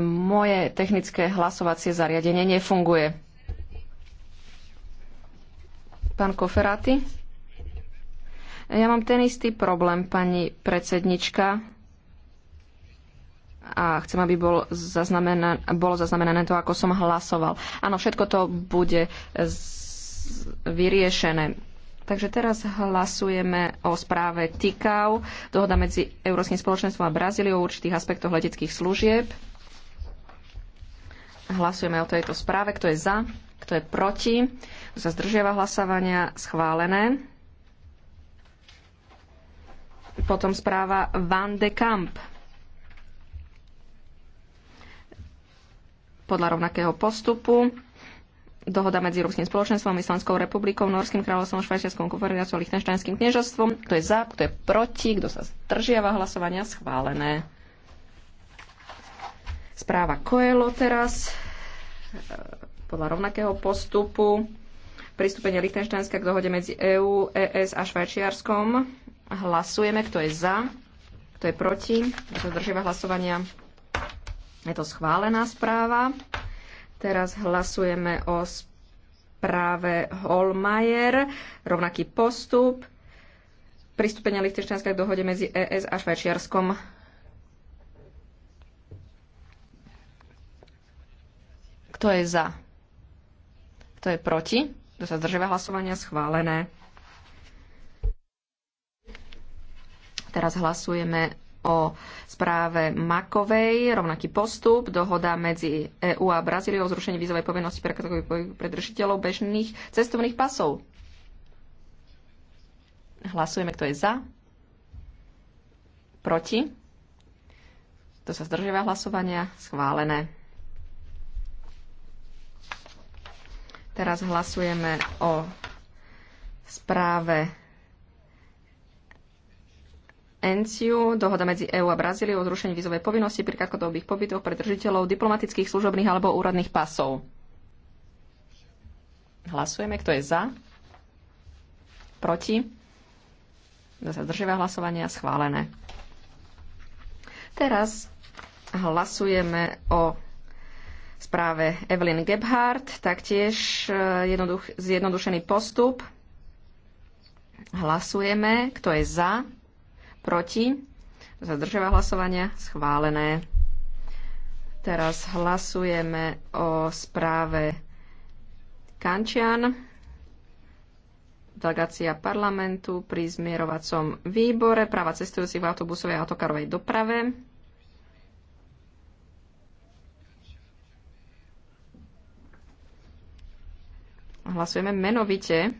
moje technické hlasovacie zariadenie nefunguje. Pán Koferáty? Ja mám ten istý problém, pani predsednička. A chcem, aby bol zaznamenan- bolo zaznamenané to, ako som hlasoval. Áno, všetko to bude z... vyriešené. Takže teraz hlasujeme o správe TICAO, dohoda medzi Európskym spoločenstvom a Brazíliou o určitých aspektoch leteckých služieb. Hlasujeme o tejto správe. Kto je za? Kto je proti? Kto sa zdržiava hlasovania? Schválené. Potom správa Van de Kamp. Podľa rovnakého postupu dohoda medzi Ruským spoločenstvom, Islandskou republikou, Norským kráľovstvom, Švajčiarskou konfederáciou a Lichtenštajnským kniežatstvom. Kto je za, kto je proti, kto sa zdržiava hlasovania, schválené. Správa Koelo teraz. Eh, podľa rovnakého postupu pristúpenie Lichtensteinska k dohode medzi EÚ, ES a Švajčiarskom. Hlasujeme, kto je za, kto je proti, kto sa hlasovania. Je to schválená správa. Teraz hlasujeme o správe Holmajer. Rovnaký postup. Pristúpenie Lichtensteinska k dohode medzi ES a Švajčiarskom Kto je za? Kto je proti? Kto sa zdržíva hlasovania? Schválené. Teraz hlasujeme o správe Makovej, rovnaký postup, dohoda medzi EÚ a Brazíliou o zrušení vízovej povinnosti pre predržiteľov bežných cestovných pasov. Hlasujeme, kto je za. Proti. Kto sa zdržíva hlasovania? Schválené. Teraz hlasujeme o správe ENCIU, dohoda medzi EÚ a Brazíliou o zrušení vízovej povinnosti pri krátkodobých pobytoch pre držiteľov diplomatických, služobných alebo úradných pasov. Hlasujeme, kto je za, proti, Zase sa zdržiava hlasovania, schválené. Teraz hlasujeme o správe Evelyn Gebhardt, taktiež e, jednoduch, zjednodušený postup. Hlasujeme, kto je za, proti, zadržava hlasovania, schválené. Teraz hlasujeme o správe Kančian, delegácia parlamentu pri zmierovacom výbore práva cestujúcich v autobusovej a autokarovej doprave. Hlasujeme menovite.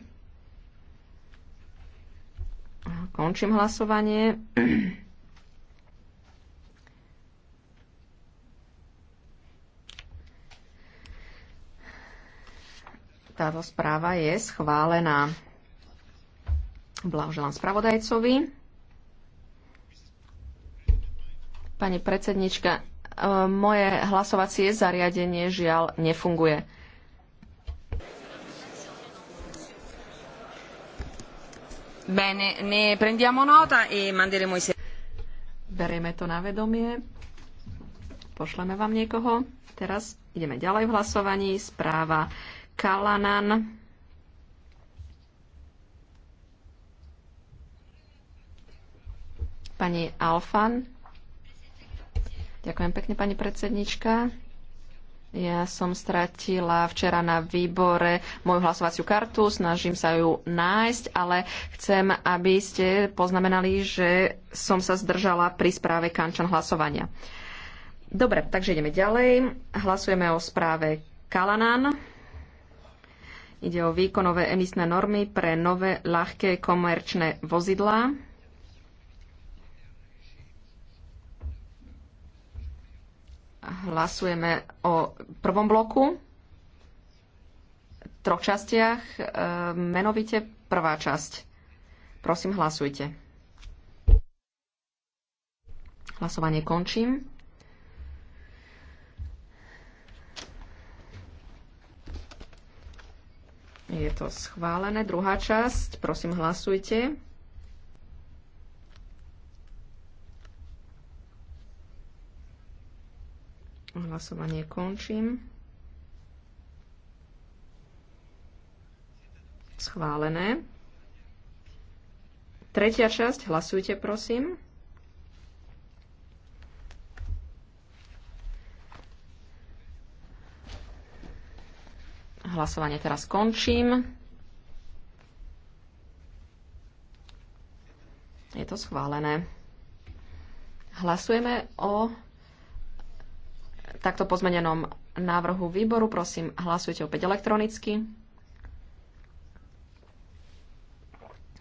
Končím hlasovanie. Táto správa je schválená. Blahoželám spravodajcovi. Pani predsednička, e, moje hlasovacie zariadenie žiaľ nefunguje. Bene, ne prendiamo nota e manderemo i Berieme to na vedomie. Pošleme vám niekoho. Teraz ideme ďalej v hlasovaní. Správa Kalanan. Pani Alfan. Ďakujem pekne, pani predsednička. Ja som stratila včera na výbore moju hlasovaciu kartu, snažím sa ju nájsť, ale chcem, aby ste poznamenali, že som sa zdržala pri správe Kančan hlasovania. Dobre, takže ideme ďalej. Hlasujeme o správe Kalanan. Ide o výkonové emisné normy pre nové ľahké komerčné vozidlá. Hlasujeme o prvom bloku v troch častiach, e, menovite prvá časť. Prosím, hlasujte. Hlasovanie končím. Je to schválené. Druhá časť. Prosím, hlasujte. Hlasovanie končím. Schválené. Tretia časť. Hlasujte, prosím. Hlasovanie teraz končím. Je to schválené. Hlasujeme o takto pozmenenom návrhu výboru. Prosím, hlasujte opäť elektronicky.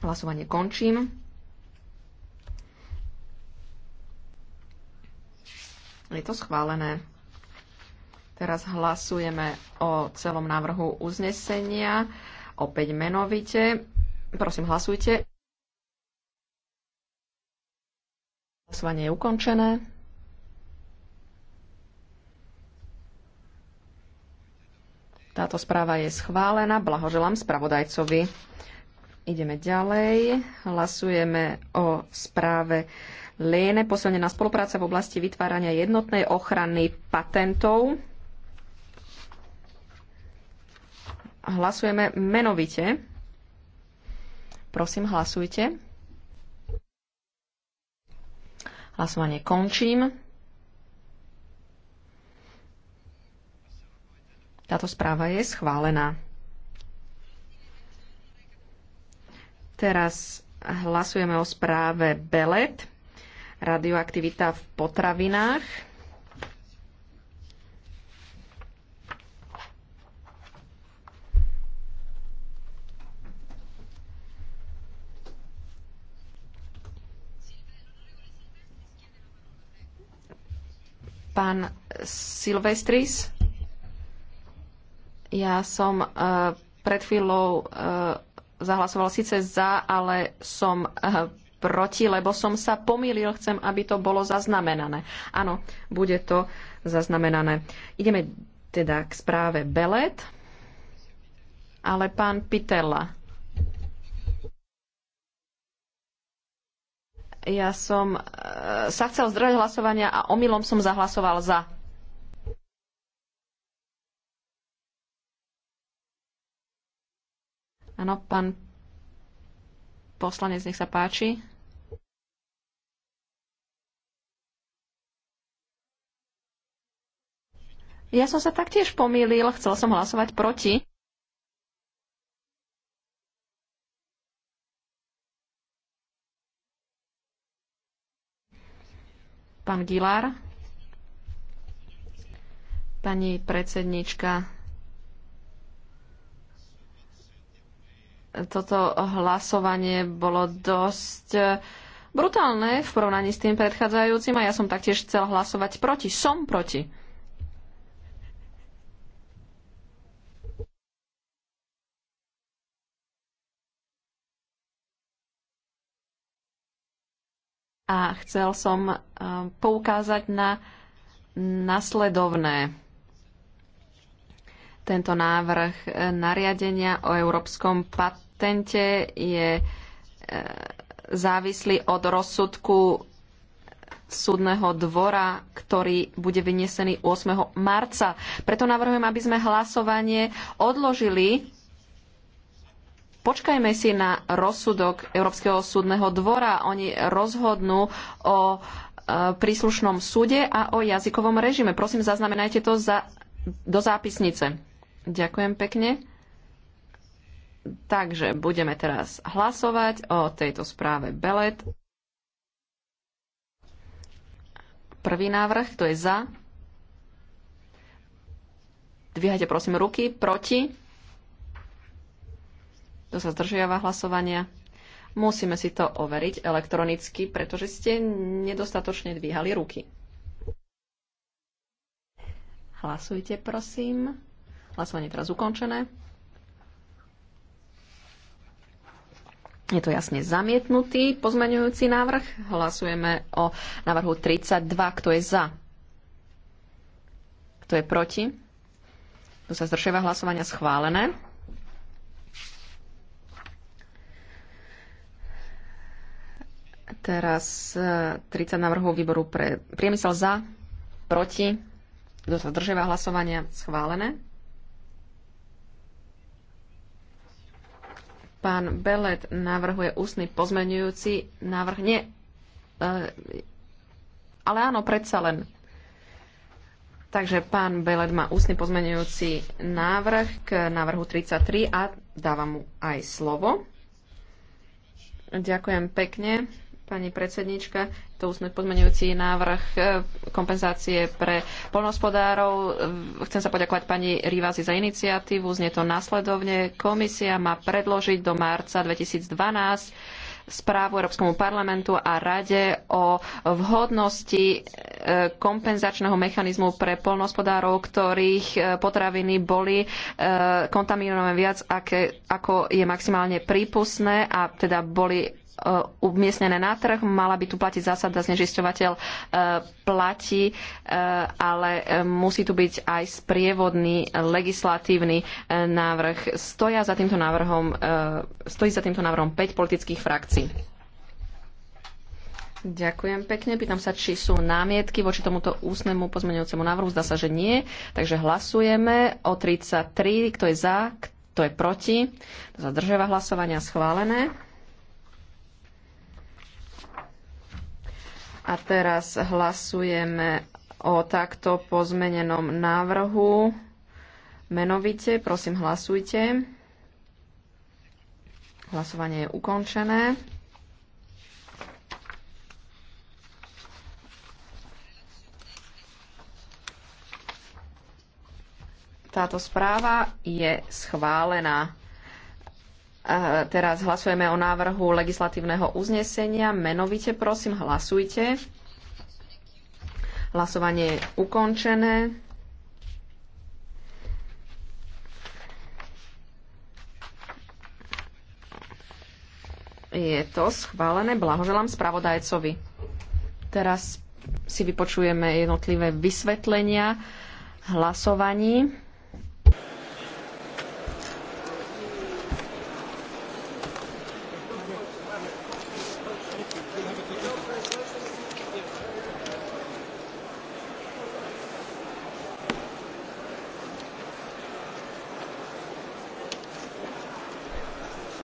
Hlasovanie končím. Je to schválené. Teraz hlasujeme o celom návrhu uznesenia. Opäť menovite. Prosím, hlasujte. Hlasovanie je ukončené. Táto správa je schválená. Blahoželám spravodajcovi. Ideme ďalej. Hlasujeme o správe Liene. Posilnená spolupráca v oblasti vytvárania jednotnej ochrany patentov. Hlasujeme menovite. Prosím, hlasujte. Hlasovanie končím. Táto správa je schválená. Teraz hlasujeme o správe Belet. Radioaktivita v potravinách. Pán Silvestris. Ja som e, pred chvíľou e, zahlasoval síce za, ale som e, proti, lebo som sa pomýlil, chcem, aby to bolo zaznamenané. Áno, bude to zaznamenané. Ideme teda k správe Belet, ale pán Pitella. Ja som sa chcel zdržať hlasovania a omylom som zahlasoval za. Áno, pán poslanec, nech sa páči. Ja som sa taktiež pomýlil, chcel som hlasovať proti. Pán Gilár. Pani predsednička, toto hlasovanie bolo dosť eh, brutálne v porovnaní s tým predchádzajúcim a ja som taktiež chcel hlasovať proti. Som proti. A chcel som eh, poukázať na nasledovné. Tento návrh e, nariadenia o európskom patente je e, závislý od rozsudku súdneho dvora, ktorý bude vyniesený 8. marca. Preto navrhujem, aby sme hlasovanie odložili. Počkajme si na rozsudok Európskeho súdneho dvora. Oni rozhodnú o e, príslušnom súde a o jazykovom režime. Prosím, zaznamenajte to za, do zápisnice. Ďakujem pekne. Takže budeme teraz hlasovať o tejto správe Belet. Prvý návrh, kto je za? Dvíhajte prosím ruky. Proti? Kto sa zdržiava hlasovania? Musíme si to overiť elektronicky, pretože ste nedostatočne dvíhali ruky. Hlasujte, prosím. Hlasovanie teraz ukončené. Je to jasne zamietnutý pozmeňujúci návrh. Hlasujeme o návrhu 32. Kto je za? Kto je proti? Tu sa zdržieva hlasovania schválené. Teraz 30 e, návrhov výboru pre priemysel za, proti. Kto sa zdržiava hlasovania schválené. Pán Belet navrhuje ústny pozmenujúci návrh. Nie, e, ale áno, predsa len. Takže pán Belet má ústny pozmenujúci návrh k návrhu 33 a dávam mu aj slovo. Ďakujem pekne pani predsednička. To už sme podmenujúci návrh e, kompenzácie pre polnospodárov. E, chcem sa poďakovať pani Rivasi za iniciatívu. Znie to následovne. Komisia má predložiť do marca 2012 správu Európskomu parlamentu a Rade o vhodnosti e, kompenzačného mechanizmu pre polnospodárov, ktorých potraviny boli kontaminované viac, ako je maximálne prípustné a teda boli E, umiestnené na trh, mala by tu platiť zásada znežisťovateľ e, platí, e, ale musí tu byť aj sprievodný legislatívny návrh. Stoja za týmto návrhom, stojí za týmto návrhom 5 politických frakcií. Ďakujem pekne. Pýtam sa, či sú námietky voči tomuto ústnemu pozmeňujúcemu návrhu. Zdá sa, že nie. Takže hlasujeme o 33. Kto je za, kto je proti? Zadržiava hlasovania schválené. A teraz hlasujeme o takto pozmenenom návrhu. Menovite, prosím, hlasujte. Hlasovanie je ukončené. Táto správa je schválená. Teraz hlasujeme o návrhu legislatívneho uznesenia. Menovite prosím, hlasujte. Hlasovanie je ukončené. Je to schválené. Blahoželám spravodajcovi. Teraz si vypočujeme jednotlivé vysvetlenia hlasovaní.